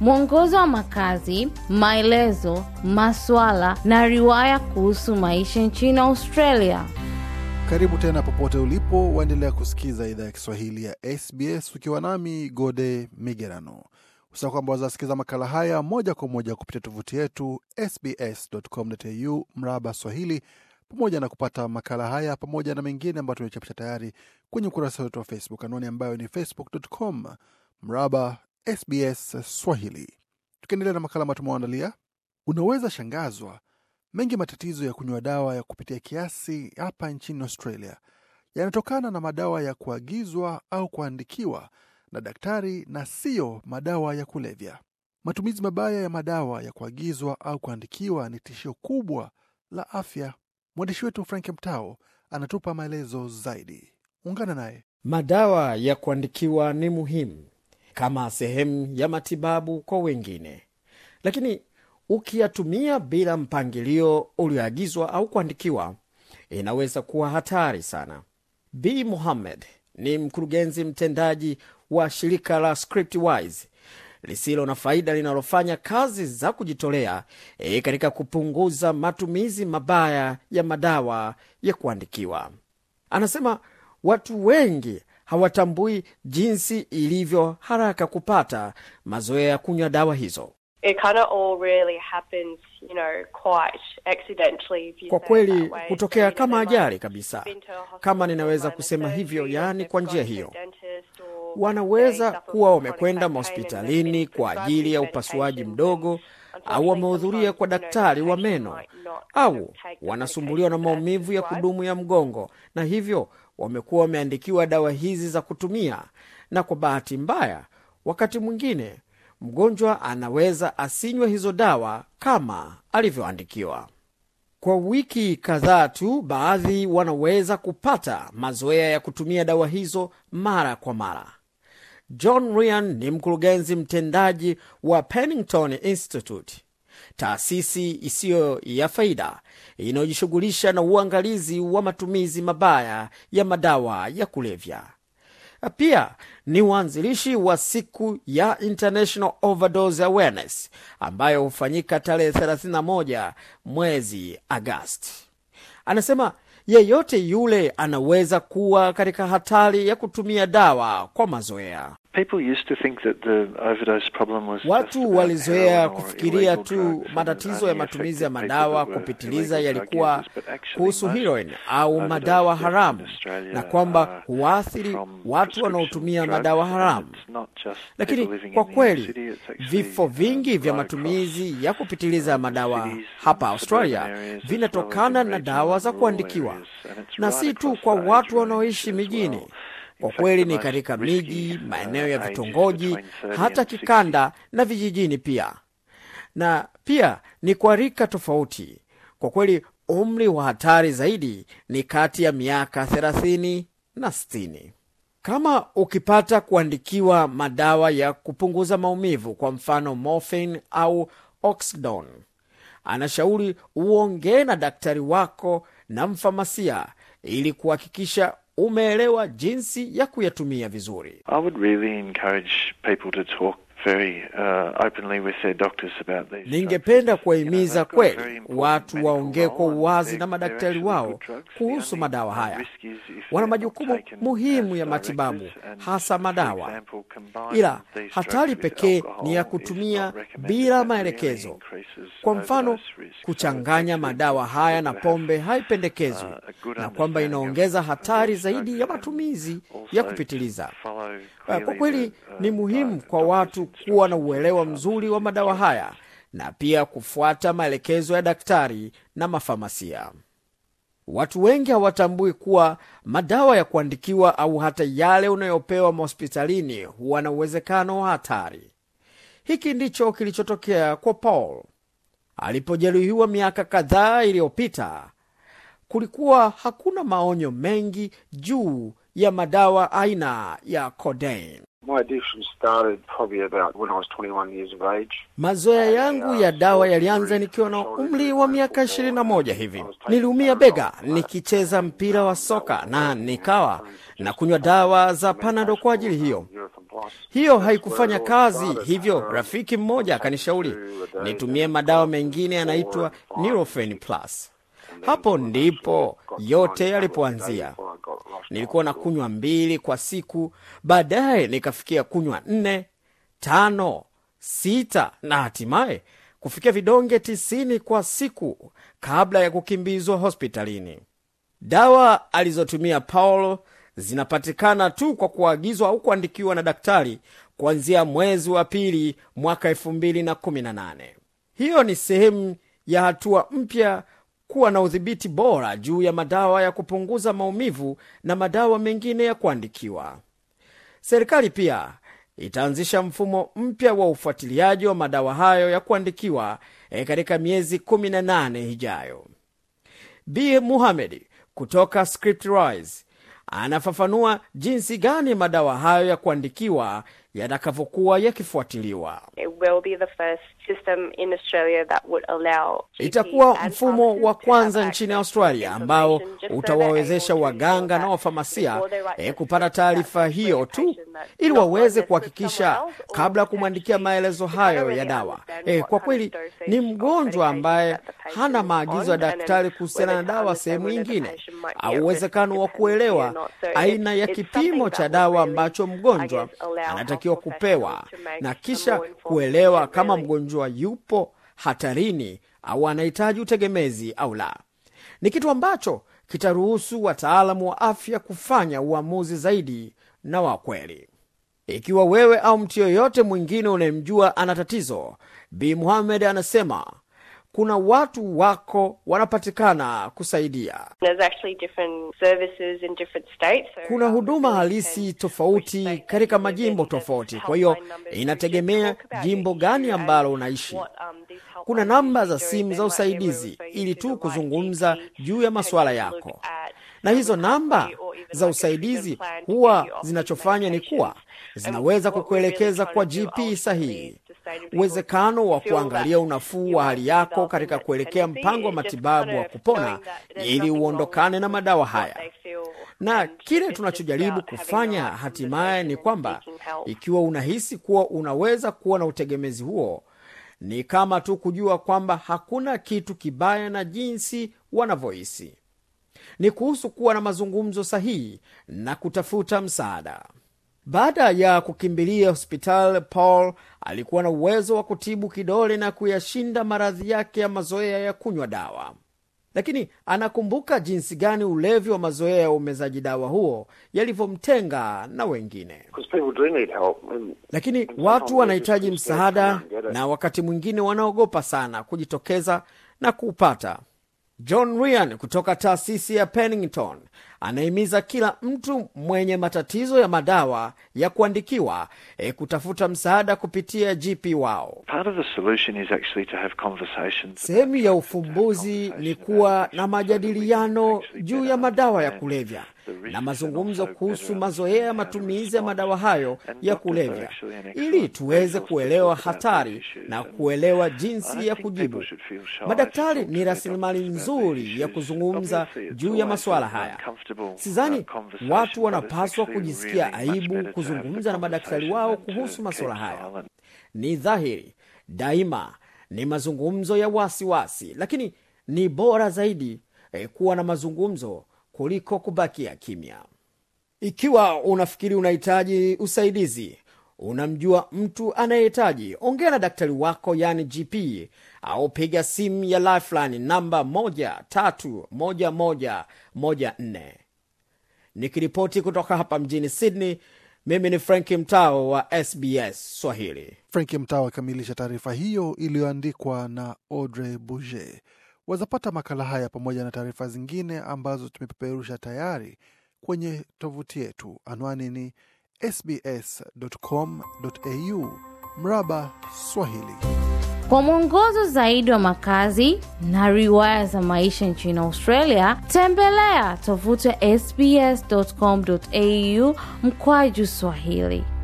mwongozo wa makazi, maelezo, maswala na riwaya kuhusu maisha nchini Australia. Karibu tena popote ulipo, waendelea kusikiza idhaa ya Kiswahili ya SBS ukiwa nami Gode Migerano. Usisahau kwamba wazasikiza makala haya moja kwa moja kupitia tovuti yetu sbscu mraba Swahili, pamoja na kupata makala haya pamoja na mengine ambayo tumechapisha tayari kwenye ukurasa wetu wa Facebook, anwani ambayo ni facebook.com mraba SBS Swahili. Tukiendelea na makala ambayo tumewaandalia, unaweza shangazwa mengi matatizo ya kunywa dawa ya kupitia kiasi hapa nchini Australia yanatokana na madawa ya kuagizwa au kuandikiwa na daktari na siyo madawa ya kulevya. Matumizi mabaya ya madawa ya kuagizwa au kuandikiwa ni tishio kubwa la afya. Mwandishi wetu Frank Mtao anatupa maelezo zaidi. Ungana naye. Madawa ya kuandikiwa ni muhimu kama sehemu ya matibabu kwa wengine lakini ukiyatumia bila mpangilio ulioagizwa au kuandikiwa inaweza kuwa hatari sana b muhammed ni mkurugenzi mtendaji wa shirika la scriptwise lisilo na faida linalofanya kazi za kujitolea e, katika kupunguza matumizi mabaya ya madawa ya kuandikiwa anasema watu wengi hawatambui jinsi ilivyo haraka kupata mazoea ya kunywa dawa hizo. kwa kweli hutokea kama ajali kabisa, kama ninaweza kusema hivyo, yaani kwa njia hiyo wanaweza kuwa wamekwenda mahospitalini kwa ajili ya upasuaji mdogo au wamehudhuria kwa daktari wa meno au wanasumbuliwa na maumivu ya kudumu ya mgongo, na hivyo wamekuwa wameandikiwa dawa hizi za kutumia, na kwa bahati mbaya, wakati mwingine mgonjwa anaweza asinywe hizo dawa kama alivyoandikiwa. Kwa wiki kadhaa tu, baadhi wanaweza kupata mazoea ya kutumia dawa hizo mara kwa mara. John Ryan ni mkurugenzi mtendaji wa Pennington Institute taasisi isiyo ya faida inayojishughulisha na uangalizi wa matumizi mabaya ya madawa ya kulevya. Pia ni waanzilishi wa siku ya International Overdose Awareness ambayo hufanyika tarehe 31 mwezi agasti Anasema yeyote yule anaweza kuwa katika hatari ya kutumia dawa kwa mazoea. Watu walizoea kufikiria tu matatizo ya matumizi ya madawa kupitiliza yalikuwa kuhusu heroin au madawa haramu na kwamba huathiri watu wanaotumia madawa haramu. Lakini kwa kweli vifo uh, vingi vya matumizi ya kupitiliza madawa hapa Australia vinatokana na dawa za kuandikiwa, na si tu kwa watu wanaoishi mijini kwa kweli ni katika miji, maeneo ya vitongoji, hata kikanda na vijijini pia, na pia ni kwa rika tofauti. Kwa kweli umri wa hatari zaidi ni kati ya miaka 30 na 60. Kama ukipata kuandikiwa madawa ya kupunguza maumivu, kwa mfano morphine au oxdon anashauri uongee na daktari wako na mfamasia ili kuhakikisha umeelewa jinsi ya kuyatumia vizuri. I would really encourage people to talk very, uh, openly with their doctors about these. Ningependa kuwahimiza kweli watu waongee kwa uwazi na madaktari wao kuhusu madawa haya. Wana majukumu muhimu ya matibabu, hasa madawa, ila hatari pekee ni ya kutumia bila maelekezo. Kwa mfano, kuchanganya madawa haya na pombe haipendekezwi, uh, na kwamba inaongeza hatari zaidi ya matumizi ya kupitiliza. Uh, kwa kweli uh, ni muhimu kwa watu kuwa na uelewa mzuri wa madawa haya na pia kufuata maelekezo ya daktari na mafamasia. Watu wengi hawatambui kuwa madawa ya kuandikiwa au hata yale unayopewa mahospitalini huwa na uwezekano wa hatari. Hiki ndicho kilichotokea kwa Paul alipojeruhiwa miaka kadhaa iliyopita. Kulikuwa hakuna maonyo mengi juu ya madawa aina ya codeine. Mazoea yangu uh, ya dawa yalianza nikiwa na umri wa miaka ishirini na moja hivi. Niliumia bega nikicheza mpira wa soka na nikawa na kunywa dawa za panado kwa ajili hiyo. Hiyo haikufanya kazi, hivyo um, rafiki mmoja akanishauri nitumie madawa mengine yanaitwa Nurofen Plus. Hapo ndipo yote yalipoanzia nilikuwa na kunywa mbili kwa siku baadaye nikafikia kunywa nne tano sita na hatimaye kufikia vidonge tisini kwa siku kabla ya kukimbizwa hospitalini dawa alizotumia paulo zinapatikana tu kwa kuagizwa au kuandikiwa na daktari kuanzia mwezi wa pili mwaka 218 hiyo ni sehemu ya hatua mpya kuwa na udhibiti bora juu ya madawa ya kupunguza maumivu na madawa mengine ya kuandikiwa. Serikali pia itaanzisha mfumo mpya wa ufuatiliaji wa madawa hayo ya kuandikiwa e, katika miezi 18 ijayo. B Muhamed kutoka Scriptrise anafafanua jinsi gani madawa hayo ya kuandikiwa yatakavyokuwa yakifuatiliwa. It will be the first itakuwa mfumo wa kwanza nchini Australia ambao utawawezesha waganga na wafamasia e kupata taarifa hiyo tu ili waweze kuhakikisha kabla ya kumwandikia maelezo hayo ya dawa. e kwa kweli ni mgonjwa ambaye hana maagizo ya daktari kuhusiana na dawa sehemu nyingine, au uwezekano wa kuelewa aina ya kipimo cha dawa ambacho mgonjwa anatakiwa kupewa na kisha kuelewa kama mgonjwa mgonjwa yupo hatarini au anahitaji utegemezi au la ni kitu ambacho kitaruhusu wataalamu wa afya kufanya uamuzi zaidi na wa kweli ikiwa wewe au mtu yoyote mwingine unayemjua ana tatizo bi muhamed anasema kuna watu wako wanapatikana kusaidia. Kuna huduma halisi tofauti katika majimbo tofauti, kwa hiyo inategemea jimbo gani ambalo unaishi. Um, kuna namba za simu za usaidizi ili tu kuzungumza juu ya masuala yako, na hizo namba za usaidizi huwa zinachofanya ni kuwa zinaweza kukuelekeza kwa GP sahihi Uwezekano wa kuangalia unafuu wa hali yako katika kuelekea mpango wa matibabu wa kupona ili uondokane na madawa haya. Na kile uh, tunachojaribu kufanya hatimaye ni kwamba ikiwa unahisi kuwa unaweza kuwa na utegemezi huo, ni kama tu kujua kwamba hakuna kitu kibaya na jinsi wanavyohisi. Ni kuhusu kuwa na mazungumzo sahihi na kutafuta msaada. Baada ya kukimbilia hospitali, Paul alikuwa na uwezo wa kutibu kidole na kuyashinda maradhi yake ya mazoea ya kunywa dawa, lakini anakumbuka jinsi gani ulevi wa mazoea ya umezaji dawa huo yalivyomtenga na wengine. Lakini watu wanahitaji msaada na wakati mwingine wanaogopa sana kujitokeza na kuupata. John rian kutoka taasisi ya Pennington anahimiza kila mtu mwenye matatizo ya madawa ya kuandikiwa e, kutafuta msaada kupitia GP wao. Sehemu ya ufumbuzi ni kuwa na majadiliano juu ya madawa ya kulevya na mazungumzo kuhusu mazoea ya matumizi ya madawa hayo ya kulevya ili tuweze kuelewa hatari na kuelewa jinsi ya kujibu. Madaktari ni rasilimali nzuri ya kuzungumza juu ya masuala haya. Sidhani watu wanapaswa kujisikia aibu kuzungumza na madaktari wao kuhusu masuala haya. Ni dhahiri daima ni mazungumzo ya wasiwasi wasi, lakini ni bora zaidi eh, kuwa na mazungumzo kuliko kubakia kimya. Ikiwa unafikiri unahitaji usaidizi, unamjua mtu anayehitaji, ongea na daktari wako, yani GP, au piga simu ya Lifeline namba 131114. Nikiripoti kutoka hapa mjini Sydney, mimi ni Franki Mtao wa SBS Swahili. Franki Mtao akamilisha taarifa hiyo iliyoandikwa na Audrey Buget. Wazapata makala haya pamoja na taarifa zingine ambazo tumepeperusha tayari kwenye tovuti yetu. Anwani ni sbs.com.au mraba Swahili. Kwa mwongozo zaidi wa makazi na riwaya za maisha nchini Australia, tembelea tovuti ya sbs.com.au mkwaju Swahili.